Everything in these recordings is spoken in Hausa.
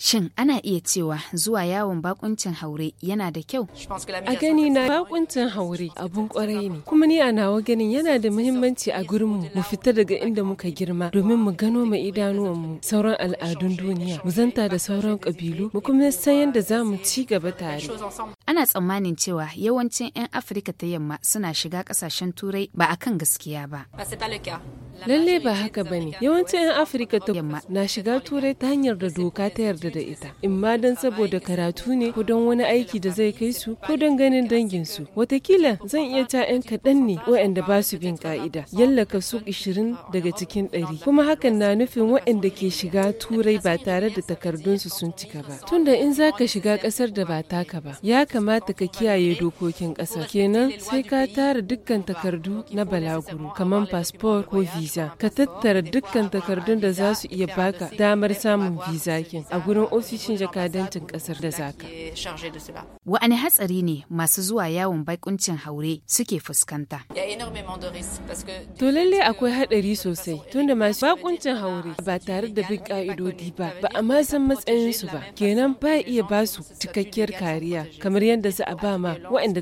Shin ana iya cewa zuwa yawon bakuncin haure yana da kyau? A gani na bakuncin haure abun kwarai ne, kuma ni a nawa ganin yana da muhimmanci a gurinmu mu fita daga inda muka girma domin mu gano mu idanuwanmu sauran al'adun duniya, mu zanta da sauran kabilu, mu kuma san yadda za mu ci gaba tare. Ana tsammanin cewa yawancin 'yan Afirka ta yamma suna shiga kasashen turai ba a kan gaskiya ba. Lalle ba haka ba ne. Yawancin 'yan Afirka ta yamma na shiga turai ta hanyar da doka ta yarda da ita. In ma don saboda karatu ne ko don wani aiki da zai kai su ko don ganin danginsu. Watakila zan iya ta 'yan kaɗan ne wa'anda ba su bin ka'ida. Yallaka su 20 daga cikin ɗari. Kuma hakan na nufin waɗanda ke shiga turai ba tare da takardunsu sun cika ba. Tunda in za ka shiga ƙasar da ba taka ba, ya kamata ka kiyaye dokokin ƙasa. Kenan sai ka tara dukkan takardu na balaguro kamar fasfor ko visa. visa ka tattara dukkan takardun da za su iya baka damar samun visa kin a gurin ofishin jakadancin kasar da zaka. wani hatsari ne masu zuwa yawon baikuncin haure suke fuskanta. To lalle akwai hadari sosai tunda masu baikuncin haure ba tare da bin ka'idodi ba ba a ma san matsayinsu ba kenan ba iya ba su cikakkiyar kariya kamar yadda su a ba ma waɗanda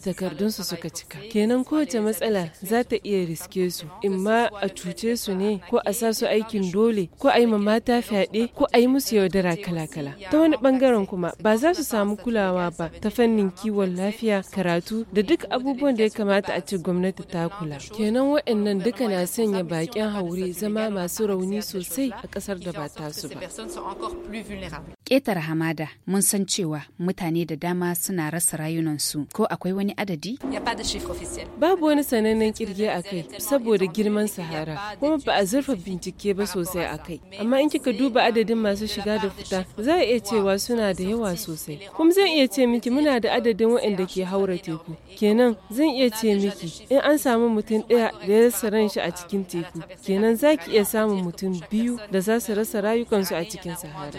su suka cika kenan kowace matsala za ta iya riske su in ma a cuce su ne ko a sa su aikin dole ko a yi ma mata fyaɗe ko a yi musu yaudara kala-kala. Ta wani bangaren kuma ba za su samu kulawa ba ta fannin kiwon lafiya, karatu da duk abubuwan da ya kamata a ce gwamnati ta kula. Kenan waɗannan duka na sanya baƙin haure zama masu rauni sosai a ƙasar da ba ta su ba. ƙetare hamada mun san cewa mutane da dama suna rasa rayunansu ko akwai wani adadi? Babu wani sanannen kirge a kai saboda girman sahara. kuma ba a zurfa bincike ba sosai a kai amma in kika duba adadin masu shiga da fita za a iya cewa suna da yawa sosai kuma zan iya ce miki muna da adadin waɗanda ke haura teku kenan zan iya ce miki in an samu mutum ɗaya da ya rasa ran shi a cikin teku kenan za ki iya samun mutum biyu da za su rasa rayukansu a cikin sahara